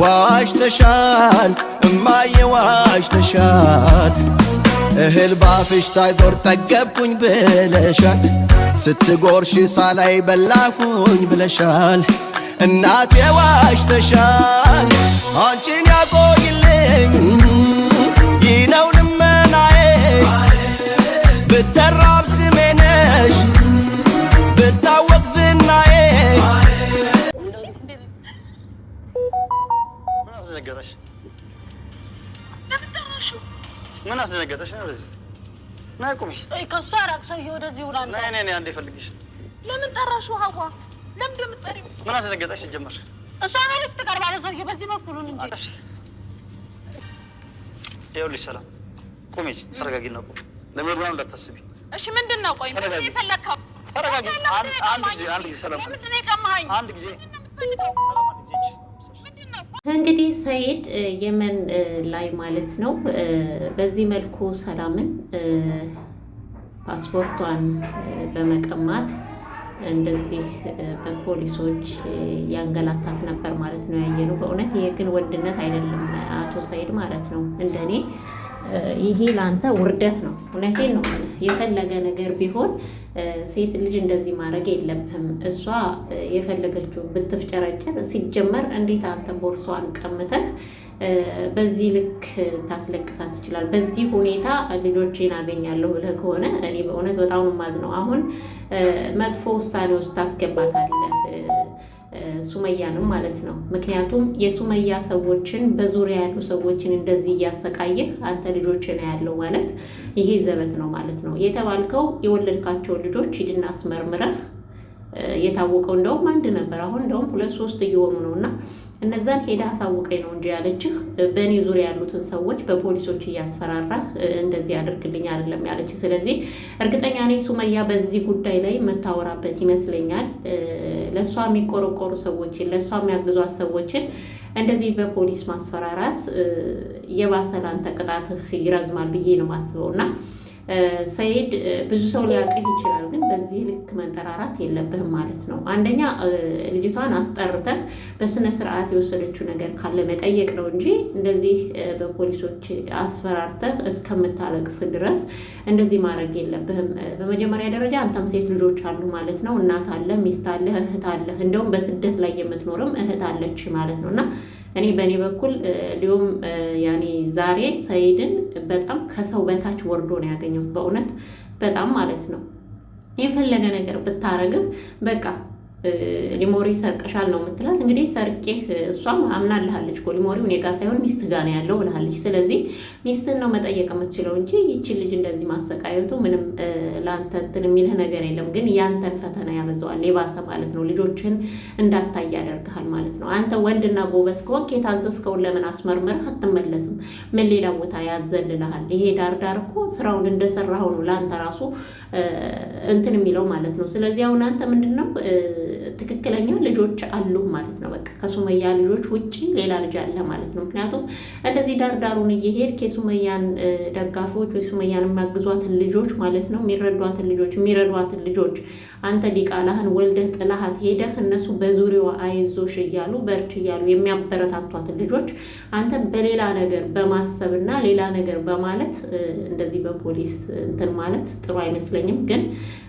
ዋሽተሻል እማዬ ዋሽተሻል እህል ባፍሽ ሳይዞር ጠገብኩኝ ብለሻል ስትጎርሽ ሳላይ በላኩኝ ብለሻል እናቴ ዋሽተሻል አንቺን ያቆይልኝ ይነው ልመናዬ ብተራብ አስደነገጠሽ? ምን አስደነገጠሽ ነው? ወደዚህ ነይ ቁሚሽ። አይ ከሷ ራቅ። ሰውዬው ወደዚህ ውራ። ነይ ነይ ነይ፣ አንዴ ፈልግሽ። ለምን ጠራሽው? ሀዋ ለምን ደምጠሪ? ምን አስደነገጠሽ? ጀመር እሷ ማለት ስትቀርባለ ሰውዬ በዚህ በኩሉን እንጂ። እሺ ይኸውልሽ፣ ሰላም ቁሚሽ፣ ተረጋጊና ቁሚ። ለምርብራም እንዳታስቢ እሺ። ምንድን ነው? ቆይ ምን ይፈለካው? ተረጋጊ። አንድ ጊዜ አንድ ጊዜ ሰላም። ለምንድን ነው የቀማኸኝ? አንድ ጊዜ ሰላም። አንድ ጊዜ እንግዲህ ሰኢድ የመን ላይ ማለት ነው በዚህ መልኩ ሰላምን ፓስፖርቷን በመቀማት እንደዚህ በፖሊሶች ያንገላታት ነበር ማለት ነው ያየነው። በእውነት ይሄ ግን ወንድነት አይደለም አቶ ሰኢድ ማለት ነው። እንደኔ ይሄ ለአንተ ውርደት ነው። እውነቴን ነው። የፈለገ ነገር ቢሆን ሴት ልጅ እንደዚህ ማድረግ የለብህም። እሷ የፈለገችው ብትፍጨረጨር ሲጀመር እንዴት አንተ ቦርሷን ቀምተህ በዚህ ልክ ታስለቅሳት ትችላል። በዚህ ሁኔታ ልጆቼን አገኛለሁ ብለህ ከሆነ እኔ በእውነት በጣም ማዝ ነው። አሁን መጥፎ ውሳኔ ውስጥ ታስገባታለህ። ሱመያንም ማለት ነው። ምክንያቱም የሱመያ ሰዎችን በዙሪያ ያሉ ሰዎችን እንደዚህ እያሰቃየህ አንተ ልጆችን ያለው ማለት ይሄ ዘበት ነው ማለት ነው። የተባልከው የወለድካቸውን ልጆች ሂድና አስመርምረህ የታወቀው እንደውም አንድ ነበር። አሁን እንደውም ሁለት ሶስት እየሆኑ ነው እና እነዛን ሄዳ አሳውቀኝ ነው እንጂ ያለችህ በእኔ ዙሪያ ያሉትን ሰዎች በፖሊሶች እያስፈራራህ እንደዚህ አድርግልኝ አይደለም ያለችህ። ስለዚህ እርግጠኛ ነኝ ሱመያ በዚህ ጉዳይ ላይ መታወራበት ይመስለኛል። ለእሷ የሚቆረቆሩ ሰዎችን ለእሷ የሚያግዟት ሰዎችን እንደዚህ በፖሊስ ማስፈራራት የባሰ ላንተ ቅጣትህ ይረዝማል ብዬ ነው የማስበው እና ሰይድ ብዙ ሰው ሊያውቅህ ይችላል፣ ግን በዚህ ልክ መንጠራራት የለብህም ማለት ነው። አንደኛ ልጅቷን አስጠርተህ በስነ ስርዓት የወሰደችው ነገር ካለ መጠየቅ ነው እንጂ እንደዚህ በፖሊሶች አስፈራርተህ እስከምታለቅስ ድረስ እንደዚህ ማድረግ የለብህም። በመጀመሪያ ደረጃ አንተም ሴት ልጆች አሉ ማለት ነው። እናት አለ፣ ሚስት አለ፣ እህት አለ፣ እንደውም በስደት ላይ የምትኖርም እህት አለች ማለት ነው እና እኔ በእኔ በኩል እንዲሁም ያኔ ዛሬ ሰይድን በጣም ከሰው በታች ወርዶ ነው ያገኘው። በእውነት በጣም ማለት ነው የፈለገ ነገር ብታረግህ በቃ ሊሞሪ ሰርቀሻል ነው የምትላት። እንግዲህ ሰርቄህ እሷም አምናልሃለች እኮ ሊሞሪ እኔ ጋ ሳይሆን ሚስት ጋ ነው ያለው ብልሃለች። ስለዚህ ሚስትን ነው መጠየቅ የምትችለው እንጂ ይችን ልጅ እንደዚህ ማሰቃየቱ ምንም ለአንተ እንትን የሚልህ ነገር የለም። ግን ያንተን ፈተና ያበዛዋል፣ የባሰ ማለት ነው። ልጆችህን እንዳታይ ያደርግሃል ማለት ነው። አንተ ወንድና ጎበዝ ከወቅ የታዘዝከውን ለምን አስመርምረህ አትመለስም? ምን ሌላ ቦታ ያዘልልሃል? ይሄ ዳርዳር እኮ ስራውን እንደሰራ ነው ለአንተ ራሱ እንትን የሚለው ማለት ነው። ስለዚህ አሁን አንተ ምንድን ነው ትክክለኛ ልጆች አሉ ማለት ነው። በቃ ከሱመያ ልጆች ውጭ ሌላ ልጅ አለ ማለት ነው። ምክንያቱም እንደዚህ ዳርዳሩን እየሄድክ የሱመያን ደጋፊዎች ወይ ሱመያን የሚያግዟትን ልጆች ማለት ነው የሚረዷትን ልጆች የሚረዷትን ልጆች አንተ ዲቃላህን ወልደህ ጥላሃት ሄደህ እነሱ በዙሪያዋ አይዞሽ እያሉ በርች እያሉ የሚያበረታቷትን ልጆች አንተ በሌላ ነገር በማሰብ እና ሌላ ነገር በማለት እንደዚህ በፖሊስ እንትን ማለት ጥሩ አይመስለኝም። ግን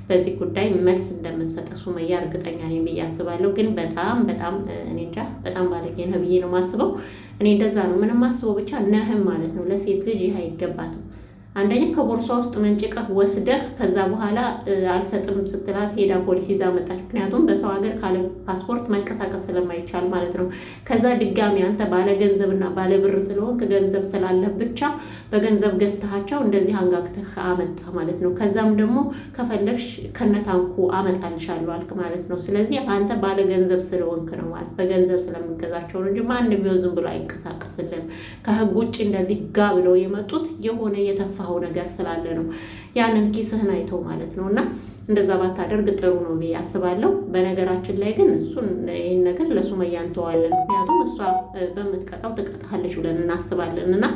በዚህ ጉዳይ መልስ እንደምትሰጥ ሱመያ እርግጠኛ ነኝ። ነኝ ብዬ አስባለሁ። ግን በጣም በጣም እኔ እንጃ በጣም ባለጌ ነህ ብዬ ነው የማስበው። እኔ እንደዛ ነው ምንም አስበው ብቻ ነህም ማለት ነው። ለሴት ልጅ ይህ አይገባትም። አንደኛ ከቦርሷ ውስጥ መንጭቀህ ወስደህ ከዛ በኋላ አልሰጥም ስትላት ሄዳ ፖሊስ ይዛ መጣች። ምክንያቱም በሰው ሀገር ካለ ፓስፖርት መንቀሳቀስ ስለማይቻል ማለት ነው። ከዛ ድጋሚ አንተ ባለ ገንዘብና ባለ ብር ስለሆንክ ገንዘብ ስላለህ ብቻ በገንዘብ ገዝተሃቸው እንደዚህ አንጋግተህ አመጣ ማለት ነው። ከዛም ደግሞ ከፈለግሽ ከነታንኩ አመጣልሻለሁ አልክ ማለት ነው። ስለዚህ አንተ ባለ ገንዘብ ስለሆንክ ነው ማለት በገንዘብ ስለምንገዛቸው ነው እንጂ ማንም ዝም ብሎ አይንቀሳቀስልም። ከህግ ውጭ እንደዚህ ጋ ብለው የመጡት የሆነ የተፋ የረሳኸው ነገር ስላለ ነው። ያንን ኪስህን አይቶ ማለት ነው። እና እንደዛ ባታደርግ ጥሩ ነው ብዬ አስባለሁ። በነገራችን ላይ ግን እሱን ይህን ነገር ለሱመያ እንተዋለን። ምክንያቱም እሷ በምትቀጣው ትቀጣለች ብለን እናስባለን እና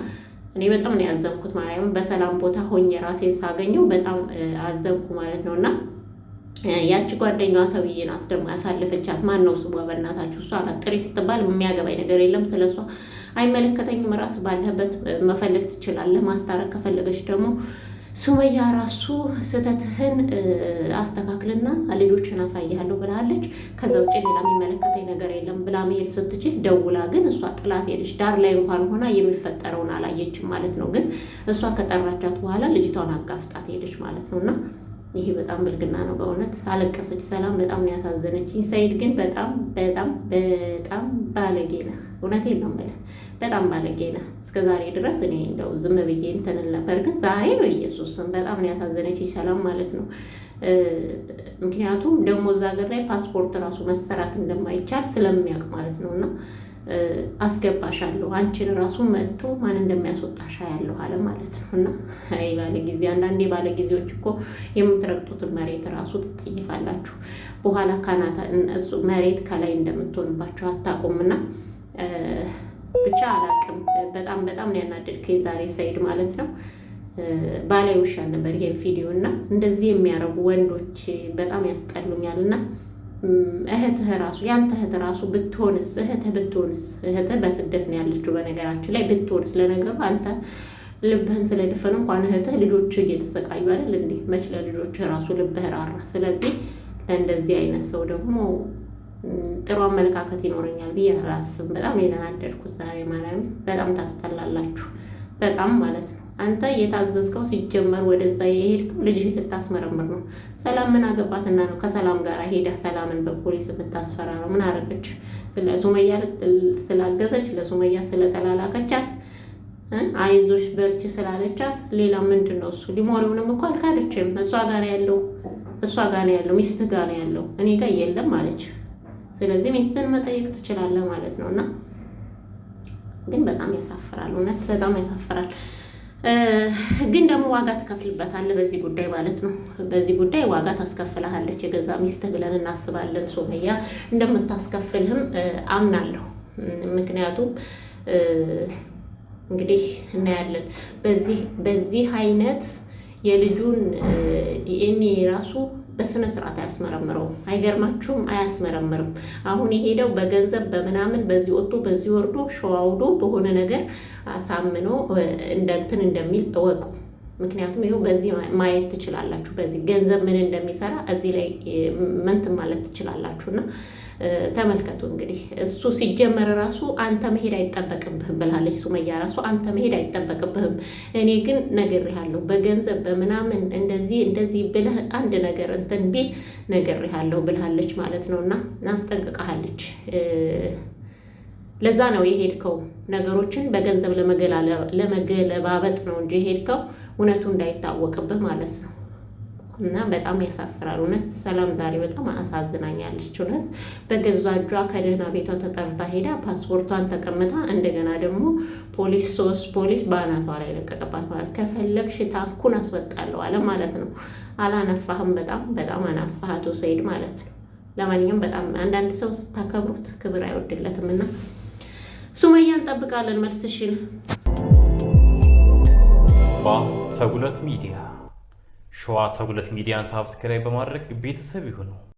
እኔ በጣም ነው ያዘንኩት። ማርያምን በሰላም ቦታ ሆኜ ራሴን ሳገኘው በጣም አዘንኩ ማለት ነው እና ያቺ ጓደኛዋ ተብዬ ናት ደግሞ ያሳለፈቻት። ማን ነው ስሟ? በእናታችሁ እሷ ናት። ጥሪ ስትባል የሚያገባኝ ነገር የለም ስለ እሷ አይመለከተኝም። ራስ ባለበት መፈለግ ትችላለህ። ማስታረቅ ከፈለገች ደግሞ ሱመያ ራሱ ስህተትህን አስተካክልና ልጆችን አሳያለሁ ብላለች። ከዛ ውጭ ሌላ የሚመለከተኝ ነገር የለም ብላ መሄድ ስትችል ደውላ ግን እሷ ጥላት ሄደች። ዳር ላይ እንኳን ሆና የሚፈጠረውን አላየችም ማለት ነው። ግን እሷ ከጠራቻት በኋላ ልጅቷን አጋፍጣት ሄደች ማለት ነው እና ይሄ በጣም ብልግና ነው በእውነት አለቀሰች። ሰላም በጣም ነው ያሳዘነችኝ። ሰይድ ግን በጣም በጣም በጣም ባለጌ ነህ። እውነቴን ነው የምልህ፣ በጣም ባለጌ ነህ። እስከ ዛሬ ድረስ እኔ እንደው ዝም ብዬ እንትን ነበር፣ ግን ዛሬ በኢየሱስም በጣም ነው ያሳዘነችኝ ሰላም ማለት ነው። ምክንያቱም ደግሞ እዛ ሀገር ላይ ፓስፖርት ራሱ መሰራት እንደማይቻል ስለሚያውቅ ማለት ነው እና አስገባሻለሁ አንቺን ራሱ መጥቶ ማን እንደሚያስወጣሻ ያለሁ አለ ማለት ነው። እና አይ ባለ ጊዜ አንዳንዴ ባለ ጊዜዎች እኮ የምትረግጡትን መሬት ራሱ ትጠይፋላችሁ። በኋላ ካናታ መሬት ከላይ እንደምትሆንባችሁ አታውቁምና ብቻ አላቅም። በጣም በጣም ነው ከዛሬ ሰይድ ማለት ነው። ባላይ ውሻል ነበር ይሄን ቪዲዮ እና እንደዚህ የሚያረጉ ወንዶች በጣም ያስጠሉኛል እና እህት ራሱ ያንተ እህት ራሱ ብትሆንስ እህት ብትሆንስ እህት በስደት ነው ያለችው። በነገራችን ላይ ብትሆንስ ለነገሩ አንተ ልብህን ስለደፈነ እንኳን እህትህ ልጆች እየተሰቃዩ አይደል እንዴ? መች ለልጆች ራሱ ልብህ ራራ። ስለዚህ ለእንደዚህ አይነት ሰው ደግሞ ጥሩ አመለካከት ይኖረኛል ብዬ አላስብም። በጣም የተናደድኩት ዛሬ ማለት በጣም ታስጠላላችሁ፣ በጣም ማለት ነው። አንተ የታዘዝከው ሲጀመር ወደዛ የሄድከው ልጅህን ልታስመረምር ነው። ሰላም ምን አገባትና ነው ከሰላም ጋር ሄደህ ሰላምን በፖሊስ የምታስፈራ ነው? ምን አረገች? ስለ ሱመያ ስላገዘች፣ ለሱመያ ስለተላላከቻት፣ አይዞች በርች ስላለቻት፣ ሌላ ምንድን ነው እሱ? ሊሞሪውንም እኮ አልካደችም። እሷ ጋር ያለው እሷ ጋር ያለው ሚስትህ ጋር ያለው እኔ ጋር የለም አለች። ስለዚህ ሚስትህን መጠየቅ ትችላለህ ማለት ነው። እና ግን በጣም ያሳፍራል፣ እውነት በጣም ያሳፍራል። ግን ደግሞ ዋጋ ትከፍልበታለህ በዚህ ጉዳይ ማለት ነው። በዚህ ጉዳይ ዋጋ ታስከፍልሃለች የገዛ ሚስትህ ብለን እናስባለን። ሶመያ እንደምታስከፍልህም አምናለሁ። ምክንያቱም እንግዲህ እናያለን። በዚህ በዚህ አይነት የልጁን ዲኤንኤ ራሱ በስነ ስርዓት አያስመረምረውም። አይገርማችሁም? አያስመረምርም። አሁን የሄደው በገንዘብ በምናምን በዚህ ወጥቶ በዚህ ወርዶ ሸዋውዶ በሆነ ነገር አሳምኖ እንደንትን እንደሚል እወቁ። ምክንያቱም ይኸው በዚህ ማየት ትችላላችሁ። በዚህ ገንዘብ ምን እንደሚሰራ እዚህ ላይ መንትን ማለት ትችላላችሁ እና ተመልከቱ እንግዲህ እሱ ሲጀመር ራሱ አንተ መሄድ አይጠበቅብህም ብላለች ሱመያ ራሱ አንተ መሄድ አይጠበቅብህም። እኔ ግን ነግሬሃለሁ፣ በገንዘብ በምናምን እንደዚህ እንደዚህ ብለህ አንድ ነገር እንትን ቢል ነግሬሃለሁ ብላለች ማለት ነው እና አስጠንቅቃሃለች። ለዛ ነው የሄድከው። ነገሮችን በገንዘብ ለመገለባበጥ ነው እንጂ የሄድከው እውነቱ እንዳይታወቅብህ ማለት ነው። እና በጣም ያሳፍራል እውነት። ሰላም ዛሬ በጣም አሳዝናኛለች እውነት። በገዛ እጇ ከደህና ቤቷ ተጠርታ ሄዳ ፓስፖርቷን ተቀምጣ እንደገና ደግሞ ፖሊስ ሶስት ፖሊስ በአናቷ ላይ ለቀቀባት ማለት ከፈለግሽ ታንኩን አስወጣለሁ አለ ማለት ነው። አላነፋህም? በጣም በጣም አናፋህ አቶ ሰይድ ማለት ነው። ለማንኛውም በጣም አንዳንድ ሰው ስታከብሩት ክብር አይወድለትም እና ሱመያ እንጠብቃለን መልስሽን። ተጉለት ሚዲያ ሸዋ ተጉለት ሚዲያን ሳብስክራይብ በማድረግ ቤተሰብ ይሁኑ።